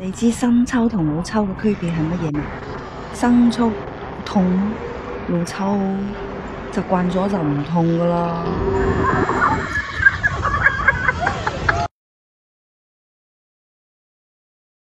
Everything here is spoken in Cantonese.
你知生抽同老抽嘅區別係乜嘢嘛？生抽痛，老抽習慣咗就唔痛㗎喇。